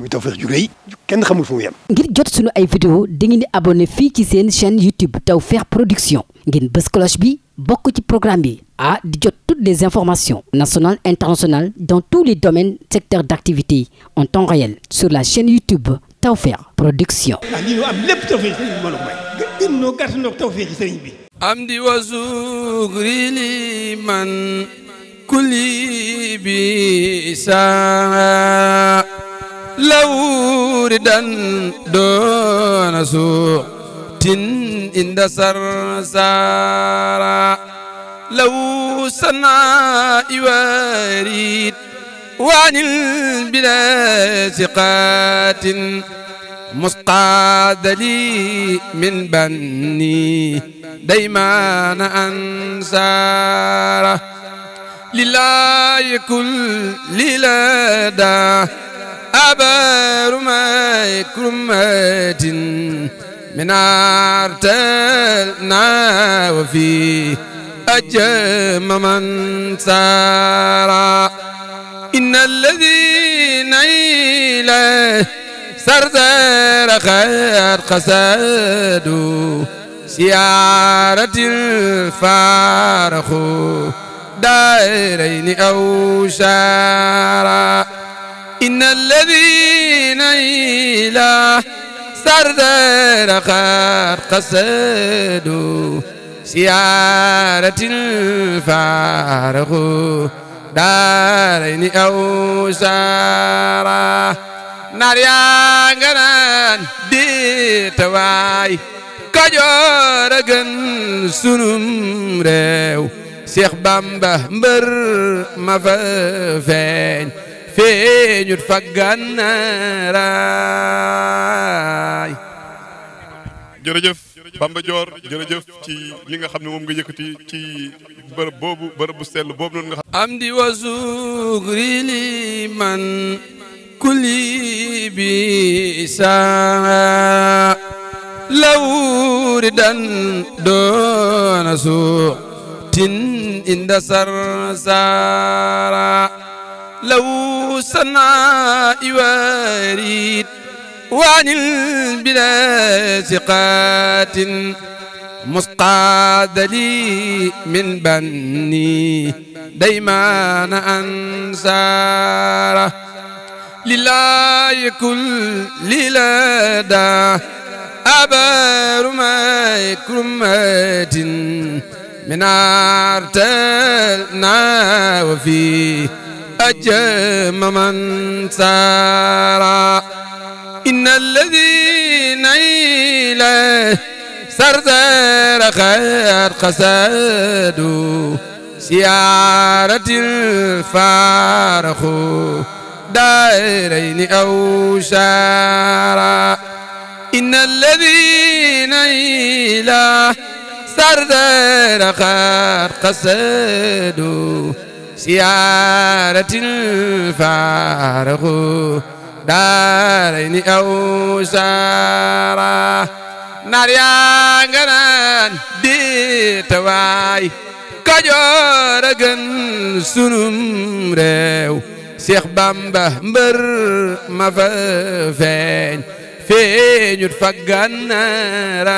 muy Tawfekh ju rëy kenn xamul fu mu yem. ngir jot sunu ay vidéo dangeen di abonné fii ci seen chaîne YouTube Tawfekh Production ngeen bës cloche bi bokk ci programme bi ah di jot toutes les informations nationales internationales dans tous les domaines secteurs d'activité en temps réel sur la chaîne YouTube Tawfekh Production. Ah, am lépp Tawfekh sëriñ bi mbooloo am di wa zukri li man kulli bi saa. إلا وردا دون سوء عند سرسارا لو صنع يواريد وعن البلا ثقات مسقاد لي من بني ديمان أنساره لله كل لداه أبار ما كرمات من أرتلنا وفي أجم من سارا إن الذين إلى سرزر خير قسدوا سيارة الفارخ دائرين أو شارا إن الذين إلى سردر قد قصدوا سيارة فارغوا دارين أو سارة نار يانغران دي تواي kajoor a gën sunum réew Seex Bamba mbër ma fa feeñ feeñut fa gànnaaraay jërëjëf Bamba Dior jërëjëf ci li nga xam ne moom nga yëkkati ci bërëb boobu bërëb bu sell boobu noonu nga xam am di wa sukri li man kulli bi saa lawri dan doona suutin inda sar لو صنع واريد وعن بلا ثقات مسقاد لي من بني ديمان أنصاره لله كل للدا أبار ما كرمات من أرتلنا وفيه أجام من سارا إن الذين إليه سرزار خير خسادوا سيارة الفارخو دائرين أو شارا إن الذين إلى سرزار خير خسادوا siyaaratin faaraxu daarayni aw saara naar yaa nga naan diita waay Kajoor gën sunum réew Seex Bamba mbër ma fa feeñ feeñut fa Gànnaar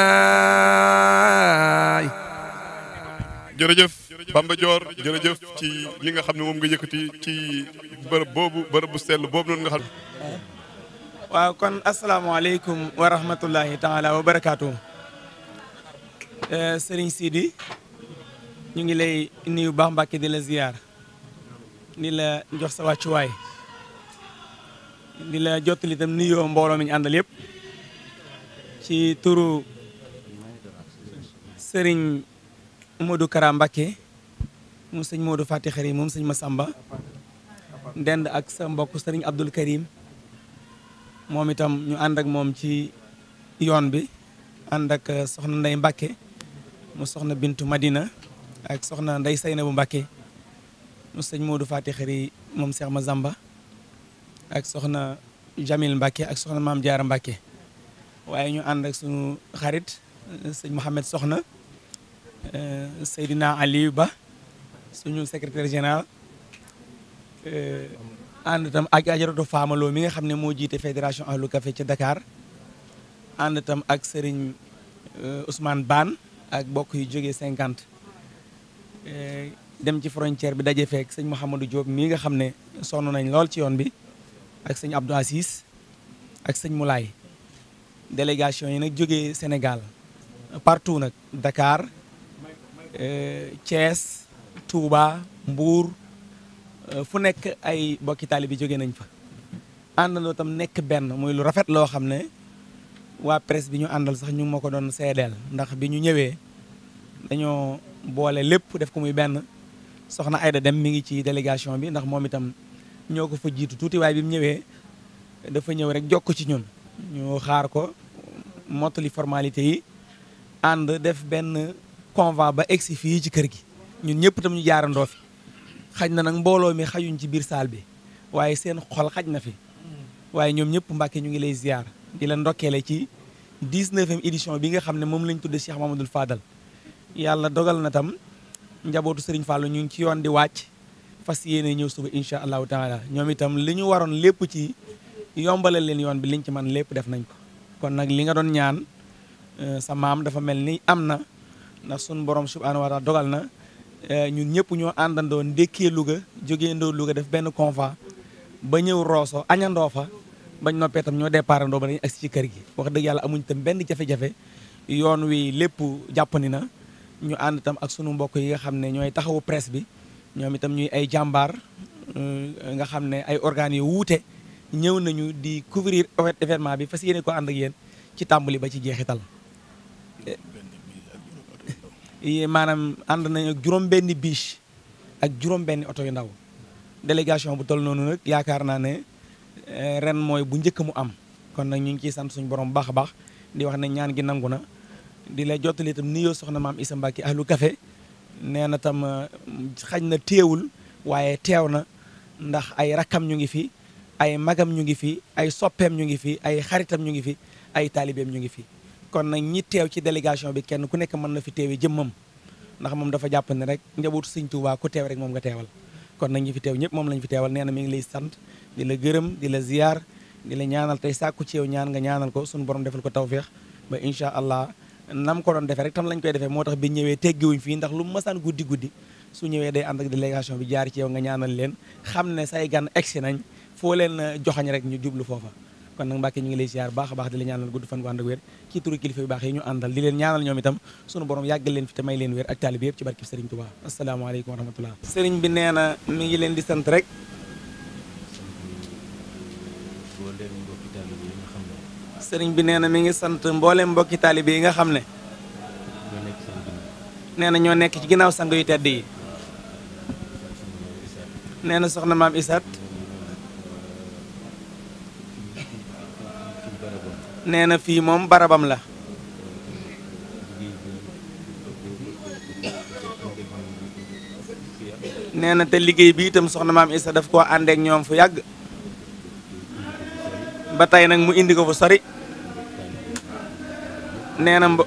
jërëjëf Bamba Dior jërëjëf ci li nga xam ne moom nga yëkkati ci bërëb boobu bërëb bu sell boobu noonu nga xam. waaw kon asalaamaaleykum wa rahmatullahi taala wa barakaatu. Eh, sëriñ siidi ñu ngi lay nuyu baax Mbàkke di la ziyaar di la jox sa wàccuwaay di la jottali itam nuyoo mbooloo mi ñu àndal yëpp ci turu sëriñ. Modou Kara Mbacké moom sëñ Modou Fati Xarim moom ma Massamba dend ak sa mbokk sëriñ Abdul Karim moom itam ñu ànd ak moom ci yoon bi ànd ak uh, soxna Ndey Mbacké mu soxna Bintu Madina ak soxna nday Saynabu Mbacké mu sëñ Modou Fati Xari moom seex ma Massamba ak soxna Jamil Mbacké ak soxna Maam Jaara Mbacké waaye ñu ànd ak suñu xarit uh, sëñ Mohamed Soxna Euh, Seydina Aliou Ba suñu secrétaire général euh, ànd tam ak ajaratu Faamaloo mi nga xam ne moo jiite fédération ahlu café ca Dakar ànd tam ak sëriñ euh, Ousmane Baan ak bokk yu jóge cinquante dem ci frontière bi daje feek sëñ Mouhamadou Diop mii nga xam ne sonn nañ lool ci yoon bi ak sëñ Abdou Assis ak sëñ Moulay délégation yi nag jógee Sénégal partout nag Dakar Eh, Thiès Touba Mbour eh, fu nekk ay bokki taali bi jóge nañ fa àndandoo tam nekk benn muy lu rafet loo xam ne waa presse bi ñu àndal sax ñu ma ko doon seedeel ndax bi ñu ñëwee dañoo boole lépp def ko muy benn soxna Aida Dem mi ngi ci délégation bi ndax moom itam ñoo ko fa jiitu tuuti waaye bi mu ñëwee dafa ñëw rek jokk ci ñun ñu xaar ko mottali formalité yi ànd def benn convoi ba egsi fii ci kër gi ñun ñëpp tam ñu jaarandoo fi xaj na nag mbooloo mi xajuñ ci biir saal bi waaye seen xol xaj na fi waaye ñoom ñëpp Mbàkke ñu ngi lay ziar di la ndokkeele ci 19e édition bi nga xam ne moom lañ tudde Cheikh Mamadou Fadal yàlla dogal na tam njabootu Serigne Fallou ñu ngi ci yoon di wàcc fas yéene ñëw suba incha allahu taala ñoom itam li ñu waroon lépp ci yombalal leen yoon bi liñ ci man lépp def nañ ko ko nag li nga doon ñaan euh, sa maam dafa mel ndax sunu borom subhaanahu wa taala dogal na eh, ñun ñëpp ñoo àndandoo ndekkee Louga jógeendoo Louga def benn convoi ba ñëw Rosso añandoo fa bañ noppee tam ñoo départ andoo ba ak si ci kër gi wax dëgg yàlla amuñ tam benn jafe-jafe yoon wii lépp jàppandi na ñu ànd itam ak sunu mbokk yi nga xam ne ñooy taxawu press bi ñoom itam ñuy ay jàmbaar eh, nga xam ne ay organes yu wuute ñëw nañu di couvrir événement bi fas yéene ko ànd ak yéen ci tàmbali ba ci jeexital maanaam ànd nañ ak juróom-benni biche ak juróom-benni oto yu ndaw délégation bu toll noonu nag yaakaar naa ne eh, ren mooy bu njëkk mu am kon nag ñu ngi ciy sant suñu borom baax a baax di wax ne ñaan gi nangu na di la jottali itam nuyoo soxna maam Issa Mbacke ahlu café nee na tam eh, xañ na téewul waaye teew na ndax ay rakkam ñu ngi fi ay magam ñu ngi fi ay soppeem ñu ngi fi ay xaritam ñu ngi fi ay taalibeem ñu ngi fi kon nag ñi teew ci délégation bi kenn ku nekk mën na fi teewee jëmmam ndax moom dafa jàpp ne rek njabootu sëñ Tuubaa ku teew rek moom nga teewal kon nag ñi fi teew ñëpp moom lañ fi teewal nee na mi ngi lay sant di la gërëm di la ziyaar di la ñaanal tey sàkku ci yow ñaan nga ñaanal ko suñu borom defal ko tawféex ba incha allah nam ko doon defee rek tam lañ koy defee moo tax bi ñëwee teggiwuñ fii ndax lu masaan guddi guddi su ñëwee day ànd ak délégation bi jaar ci yow nga ñaanal leen xam ne say gan egsi nañ foo leen joxañ rek ñu jublu foofa kon nag Mbàkke ñu ngi lay ziar baax a baax di la ñaanal gudd fan gu baax yi ñu àndal di leen ñaanal ñoom itam sunu borom yàgg leen fi te may leen wér ak taalibe yëpp ci barkib Serigne Touba asalaamaaleykum wa bi nee na mi ngi leen di sant rek Serigne bi nee na mi ngi sant mboolem mbokki taalibe yi nga xam ne nee na ñoo nekk ci ginnaaw sang yu tedd yi nee soxna maam Isaat nee na fii moom barabam la nee na te liggéey bi itam soxna maam Isa daf koo àndeek ñoom fu yàgg ba tey nag mu indi ko fu sori nee na mbo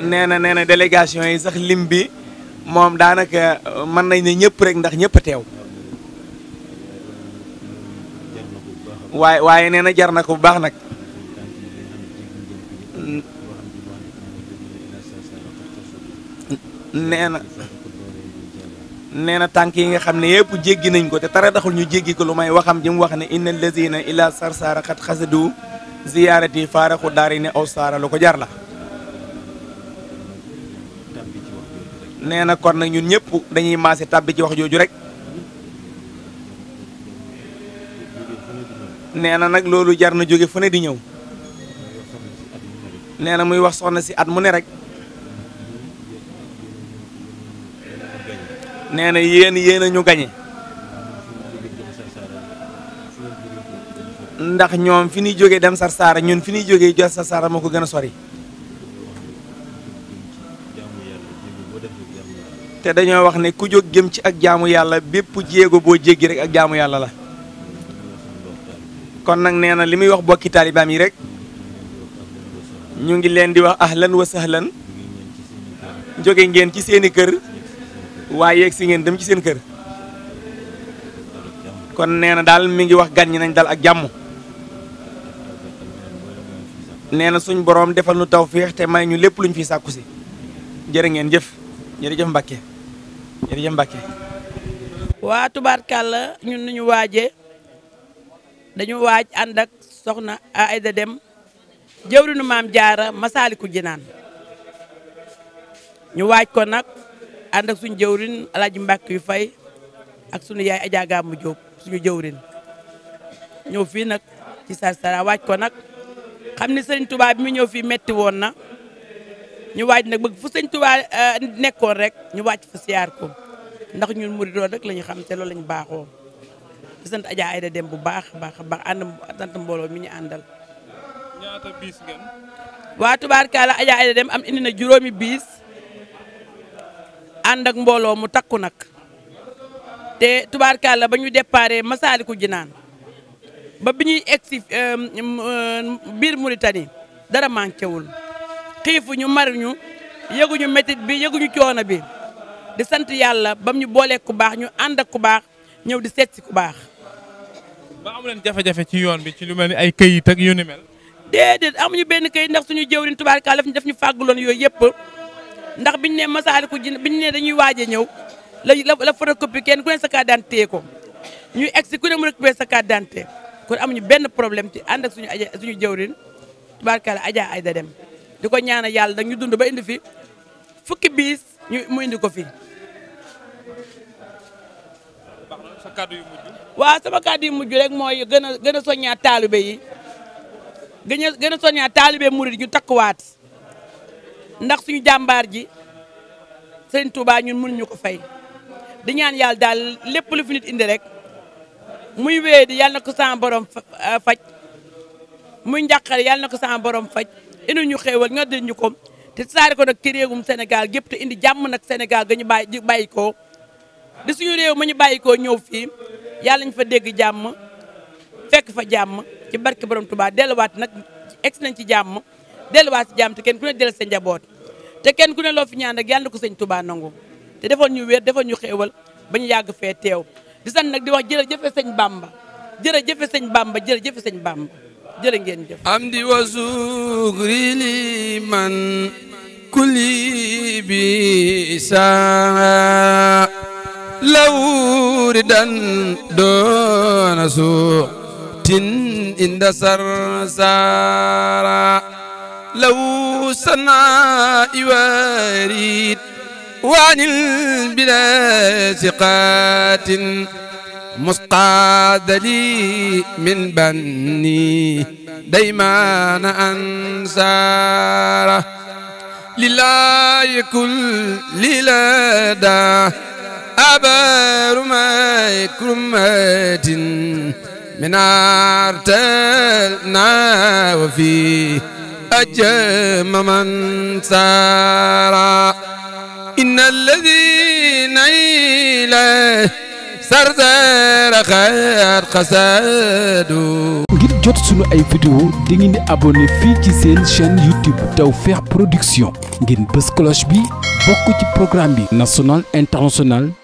nee na nee na délégation yi sax lim bi moom daanaka mën nañ ne ñëpp rek ndax ñëpp a teew waaye waaye nee na jar na ko bu baax nag nee na nee na tànk yi nga xam ne yëpp jéggi nañ ko te tara taxul ñu jéggi ko lu may waxam ji mu wax ne inna lazina ila sarsaara xat xasadu ziyaarati faaraxu daari ne aw saara lu ko jar la nee na kon nag ñun ñëpp dañuy maase tàbbi ci wax jooju rek nee na nag loolu jar na jóge fu ne di ñëw nee na muy wax soxna si at mu ne rek nee na yéen yéen a ñu gañe ndax ñoom fi ñuy jógee dem Sarsara ñun fi ñuy jógee jot Sarsara moo ko gën a sori te dañoo wax ne ku jóg jëm ci ak jaamu yàlla bépp jéego boo jéggi rek ak jaamu yàlla la kon nag nee na li muy wax bokki taalibaam yi rek ñu ngi leen di wax ahlan wa sahlan jóge ngeen ci seeni kër waaye yegg si ngeen dem ci seen kër kon nee na daal mi ngi wax gan ñi nañ daal ak jàmm nee na suñ boroom defal nu tawféex te may ñu lépp luñ fi sàkku si jërë ngeen jëf jërëjëf Mbàkke jërëjëf Mbàkke waa tubaarkàlla ñun nu waaje dañu waaj ànd soxna Aïda Deme jëwrinu maam jaara Masaalikul Jinaan ñu waaj ko nag ànd suñ suñu jëwrin Alaaji Mbàkk yu fay ak suñu yaay Adja Gamou Diop suñu jëwrin ñëw fii nag ci Sarsara waaj ko nag xam ni sëñ tubaab bi mu ñëw fii metti woon na ñu waaj nag bëgg fu sëñ Touba eh, nekkoon rek ñu waaj fa siyaar ko ndax ñun murid rek la ñu xam te loolu la ñu baaxoo di sant ajaa Aïda Dem bu baax a baax a baax ànd sant mbooloo mi ñu àndal. ñaata bis ngeen. waa tubaarkaala Adja Aïda Dem am indi na juróomi bis ànd mbooloo mu takku nag te la ba ñu déparé Masaalikul Jinaan ba bi ñuy egg si euh, euh, biir Mauritanie dara manqué wul xiifuñu maruñu yëguñu métit bi yëguñu coono bi di sant yàlla bam ñu booleeg ku baax ñu ànd ak ku baax ñëw di seetsi ku baax. ba amu leen jafe-jafe ci yoon bi ci lu mel ni ay këyit ak yu ni mel. déedéet amuñu benn këyit ndax suñu jëwriñ tubaarkaal daf ñu daf ñu fàgguloon yooyu yëpp ndax biñu ne Masaalikul Jinaan biñu ne dañuy waajee ñëw la la la photocopie kenn ku ne sa carte ko ñuy egg si ku ne mu récupéré sa carte d'identité kon benn problème ci ànd ak suñu aja suñu jëwriñ tubaarkaal Adja Aïda Deme di ko ñaanal yàlla nag ñu dund ba indi fi fukki biis ñu mu indi ko fi sa kàddu yi mujj. rek mooy gën a gën a soññaat taalibe yi gën a gën a soññaat taalibe murid ñu takkuwaat ndax suñu jàmbaar ji sëñ Touba ñun mënuñu ko fay di ñaan yàlla daal lépp li fi indi rek muy wéy di na ko sama borom euh, faj muy njàqare yàlla na ko sama borom faj indi ñu xéewal nga dinañu ko te saare ko nag ci réewum Sénégal gépp te indi jàmm nag senegal ga ñu bàyyi ko bi suñu réew ma ñu bàyyi koo ñëw fi yàlla ñu fa dégg jàmm fekk fa jàmm ci barke borom Touba delluwaat nag egsi nañ ci jàmm delluwaat ci jàmm te kenn ku ne del sa njaboot te kenn ku ne loo fi ñaan rek yàlla na ko sëñ Touba nangu te defoon ñu wér defoon ñu xéewal ba ñu yàgg fee teew di sant nag di wax jërëjëfe sëñ Bamba jërëjëfe sëñ Bamba jërëjëfe sëñ Bamba jërë ngeen jëf am di wa sukri li man kulli bi saa لو ردا دون سوء إن سرسارا لو صنع يواريد وعن البلا ثقات مسقاد لي من بني ديمان أنساره لله كل لداه أبار ما كرمات من أرتلنا وفي أجم من سارا إن الذين إلى سردار ngir jot sunu ay vidéo di ngeen di fii ci seen chaîne YouTube Tawfekh Production ngeen bës cloche bi bokk ci programme bi national international